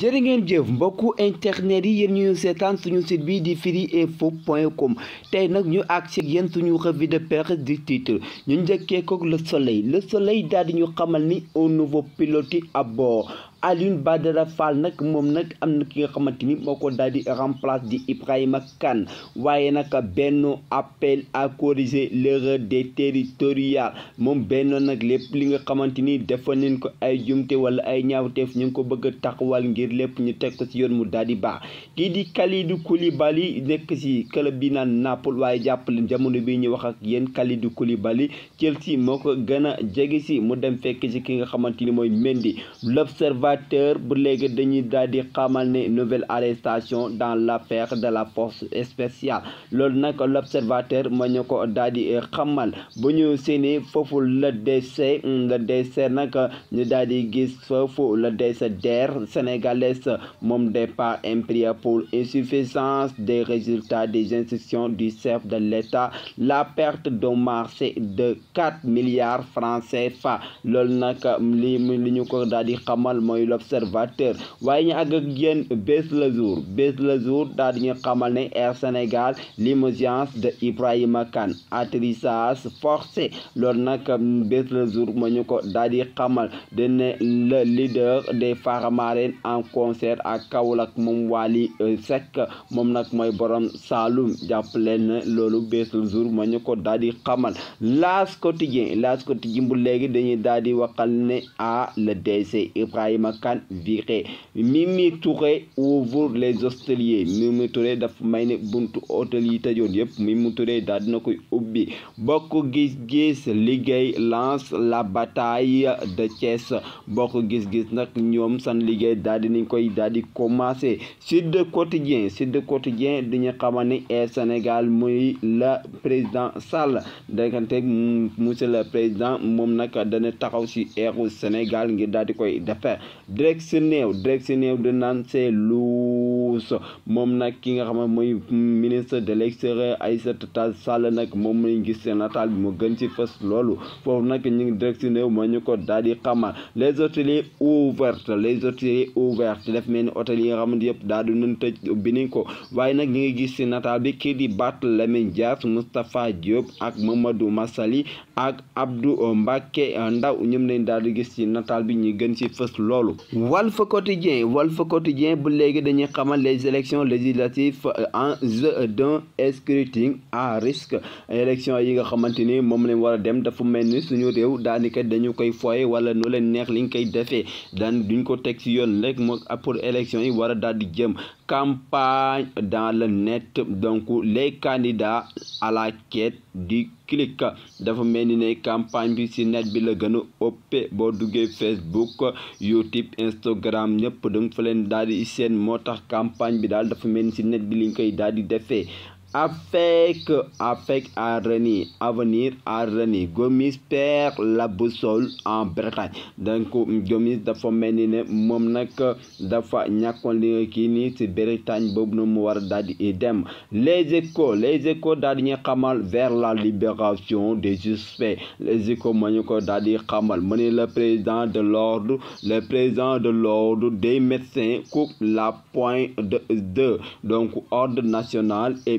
jërë ngeen jëf mbokku internet yi yéen ñu seetaan suñu site bi di firi info point com tey nag ñu agsi ak yéen suñu revue de presse di titre ñu njëkkee ko le soleil le soleil daal di ñu xamal ni un nouveau pilote ab bord Alioune Badara fal nag moom nag am na ki nga xamante ni moo ko daal di remplace di Ibrahima Kane waaye nag benn appel à corriger l'erreur des territoriales moom benn nag lépp li nga xamante ni defoon nañ ko ay jumte wala ay ñaawteef ñu ngi ko bëgg a taxawal ngir lépp ñu teg ko ci yoon mu daal di baax kii di Kalidou Koulibaly nekk ci club bi naan Naples waaye jàppale jamono bi ñu wax ak yéen Kalidou Koulibaly Chelsea moo ko gën a jege ci mu dem fekk ci ki nga xamante ni mooy Mendy l'observateur L'Observateur bu léegi dañuy daal di ne nouvelle arrestation dans l'affaire de la force spéciale loolu nag L'Observateur ma ñu ko daal di xamal le décès le décès n'a ñu Dadi di gis foofu le décès d'Air Sénégalaise moom départ imprévu pour insuffisance des résultats des instructions du chef de l'État la perte de marché de 4 milliards francs CFA loolu nag li li ñu ko daal di l'observateur waaye ñu àgg ak yéen bés la jour bés la jour daal di ñu xamal ne Air Sénégal limogeance de Ibrahima kan atterrissage forcé loolu nag bés la jour ma ñu ko di xamal le leader des Faramareen en concert à Kaolack moom wali sec moom nag mooy borom Saloum jàpp leen loolu bés la jour ma ñu ko daal di xamal L'As Quotidien L'As Quotidien bu léegi dañuy daal di waxal ne a le dc Ibrahima Maskan Viré Mimi Touré ouvre les hôteliers Mimi Touré dafa may ne buntu hôtel yi tëjoon yëpp mi Touré daal dina koy ubbi bokk gis-gis liggéey lance la bataille de Thiès bokk gis-gis nag ñoom san liggéey daal dinañ koy daal di commencé Sud Quotidien Sud Quotidien dañu xamal ni Air Sénégal muy la président Sall dégante monsieur le président moom nag dana taxaw ci Airu Sénégal ngir daal di koy defar direct si néew direct di naan see luus moom nag ki nga xam ne mooy ministre de l'extérieur Aïssata Tall Sall nag moom lañ gis seen nataal bi mu gën ci fës loolu foofu nag ñu ngi direct si néew moo ñu ko daal di xamal les hôteliers ouvertes les hôteliers ouvertes def mel ni hôtel yi nga xamante yëpp daal di nañ tëj ubbi nañ ko waaye nag ñu ngi gis si nataal bi kii di Barthélémy Dias Moustapha Diop ak Mamadou Massali ak abdu Mbacké Ndaw ñoom lañ daal di gis ci nataal bi ñu gën ci fës loolu Wolf Quotidien Wolf Quotidien vous l'avez dit, les élections législatives euh, en scrutin à risque Élections yi nga maintenues. a dem dafa suñu dans koy foye wala nu leen neex liñ koy pour campagne dans le net donc les candidats à la quête du dafa mel ni ne campagne bi ci net bi la gën a ëpp boo duggee Facebook YouTube Instagram ñëpp da nga fa leen daal di seen moo tax campagne bi daal dafa mel ni ci net bi liñ koy daal di defee avec, avec venir à Arani, Gomis perd la boussole en Bretagne donc Gomis de mel ni ne moom nag dafa li ci Bretagne bobno mu war les échos les échos daal Kamal vers la libération des suspects les échos ma d'adir Kamal. daal le président de l'ordre le président de l'ordre des médecins coupe la pointe de deux donc ordre national et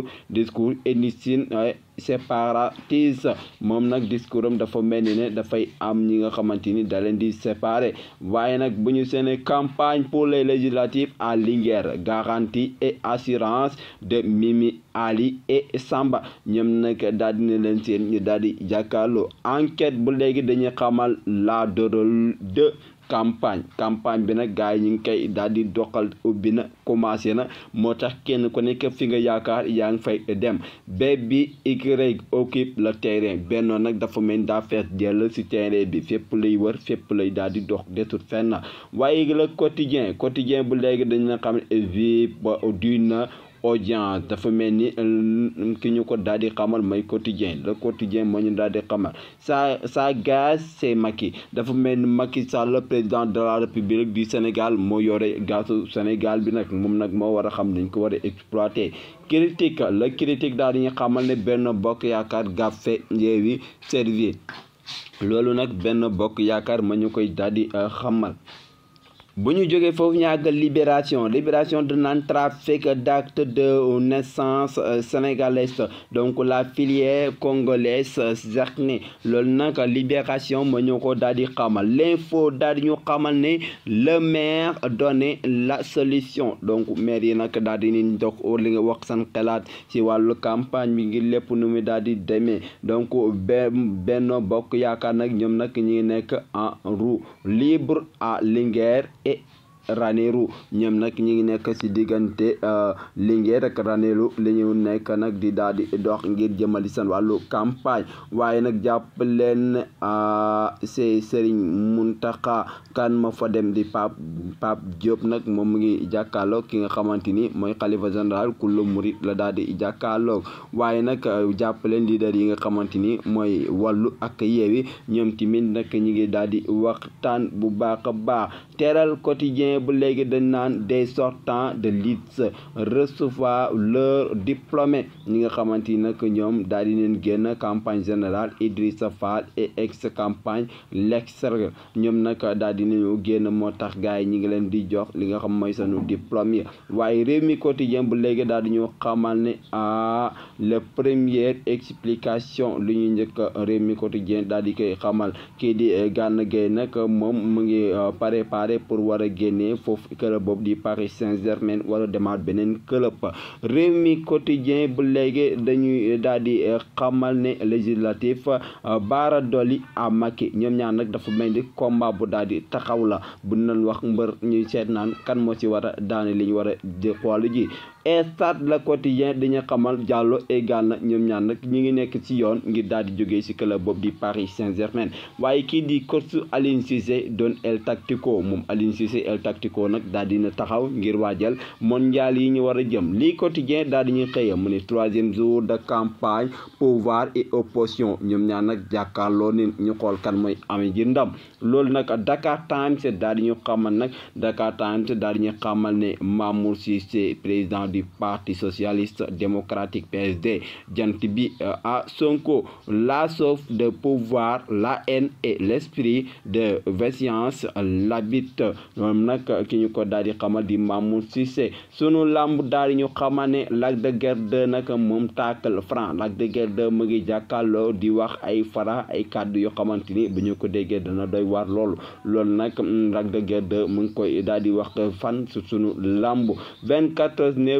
discours discours ethnicien séparatiste moom nag discours am dafa mel ni ne dafay am ñi nga xamante ni da leen di séparer waaye nag bu ñu seen campagne pour les législatives à Linguère garantie et assurance de Mimi Ali et Samba ñoom nag daal dina leen seen ñu daal di jàkkaarloo enquête bu léegi dañuy xamal la dodol de campagne campagne bi nag gaa yi ñu ngi koy daal di doxal ubbi na commencé na moo tax kenn ku nekk fi nga yaakaar yaa ngi fay dem ba bi écurie occupe le terrain bennoon nag dafa mel daa fees dell si terrain bi fépp lay wër fépp lay daal di dox desut fenn waaye le quotidien quotidien bu léegi dañ na xam ne vip dina audience dafa mel ni euh, ki ñu ko daal di xamal mooy quotidien le quotidien moo ñu daal di xamal sa sa gaz c'est Macky dafa mel ni Macky Sall le président de la république du Sénégal moo yore gaasu Sénégal bi nag moom nag moo war a xam dañ ko war a exploiter critique la critique daal di ñu xamal ne benn bokk yaakaar gaffe yeewi servir loolu nag benn bokk yaakaar ma ñu koy daal di euh, xamal bu ñu jógee foofu libération libération d'un trafic d'actes de naissance euh, sénégalaise donc la filière congolaise Zerkné euh, le nag libération ma d'Adi l'info daal di ñu xamal le maire donné la solution donc maire yi nag daal di ni dox li nga campagne bi ngi lépp donc Benno Bok Yaakaar nag ñoom nag ñu en roue libre à l'inger it raneru ñam nak ñi ngi nekk si diggante euh, Linguère ak ranelu li ñu nekk nak di daal di dox ngir jëmali san walu campagne waye nak japp len euh, c'est Serigne muntaka kan ma fa dem di pap pap job nak mom mu ngi jakkalo ki nga xamanteni moy khalifa general ku kullu la daal di waye nak japp len leen leader yi nga xamanteni moy walu wàllu ak yeewi ñoom tamit nak ñi ngi daal waxtaan bu teral quotidien ba léegi dañ naan des sortants de listes recevoir leur diplômé ñi nga xamante ni nag ñoom daal di leen génn campagne général générale Idrissa Fall et ex campagne l'exergue ñoom nag daal di nañu génn moo tax gars yi ñi ngi leen di jox li nga xam mooy sanu diplôme yi waaye réew mi quotidien bu léegi daal di ñu xamal ne ah la première explication lu ñu njëkk réew mi quotidien daal di koy xamal kii di gànn gay nag moom mu ngi euh, préparé pour war a génnee jógee foofu club boobu di Paris Saint-Germain wala demaat beneen club réew mi quotidien bu léegi dañuy daal di xamal ne fa euh, baara doli à Macky ñoom ñaar nag dafa mel ni combat bu daal di taxaw la bu ñu wax mbër ñu seet naan kan moo ci war a daane li ñu war ji Stades Le Quotidien dañu xamal Diallo et Gana ñoom ñaan nag ñu ngi nekk ci yoon ngir daal di jógee ci club bopp di Paris Saint-Germain waaye kii di coach Aliou Cissé doon El Tactico moom Aliou Cissé El Tactico nag daal na taxaw ngir waajal mondial yi ñu war a jëm lii Quotidien daal di ñuy xëya mu ne troisième jour de campagne pouvoir et opposition ñoom ñaan nag jàkkaarloo ni ñu xool kan mooy amee ji ndam loolu nag Dakar Times daal di ñu xamal nag Dakar Times daal di ñu xamal ne Mamour Cissé président du Parti socialiste démocratique PSD, Djantibi à eh, Sonko, la sauf de pouvoir, la haine et l'esprit de véhéance l'habite ñoom nag ki ñu ko daal di xamal di Mamour Cissé sunu làmb daal ñu xamal ne Lac de Guiers 2 nag moom taakal franc Lac de Guiers 2 mu ngi jàkkaarloo di wax ay fara ay kàddu yoo xamante ni ko déggee dana doy waar loolu loolu nag mm, Lac de Guiers 2 mu ngi koy di wax fan sunu làmb 24 ne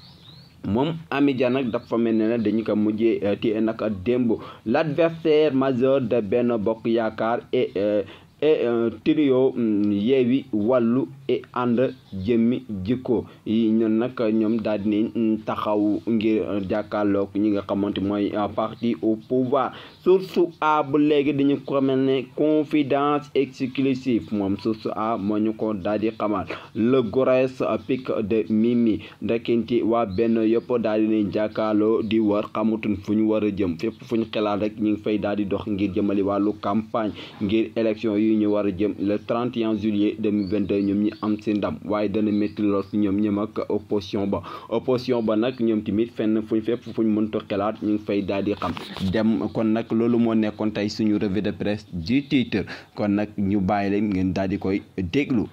moom Ami Dia nag dafa mel ne dañu ko mujjee eh, téye nag démb l' adversaire majeur de Benno Bokk Yaakaar eh, et e, trio mm, Yewwi Wallu et ànd jëmmi jikko yi ñun nag ñoom daal ni taxaw ngir jàkkaarlook ñi nga xamante mooy ah, parti au pouvoir source a bu léegi dañu ko mel ne confidence exclusive moom source a moo ñu ko daal di xamal le gros pic de Mimi ndekkinti waa benn yëpp daal dinañ jàkkaarloo di war xamutuñ fu ñu war a jëm fépp fu ñu xelaat rek ñu ngi fay daal di dox ngir jëmali wàllu campagne ngir élection yi yu ñu war a jëm le 31 juillet 2022 ñoom ñi am si ndam waaye dana métti lool ñoom ñoom ak opposition ba opposition ba nag ñoom tamit fenn fuñ fépp fuñ mënta xalaat ñu ngi fay daal di xam dem kon nag loolu moo nekkoon tey suñu revue de presse du titre kon nag ñu bàyyi leen ngeen daal di koy déglu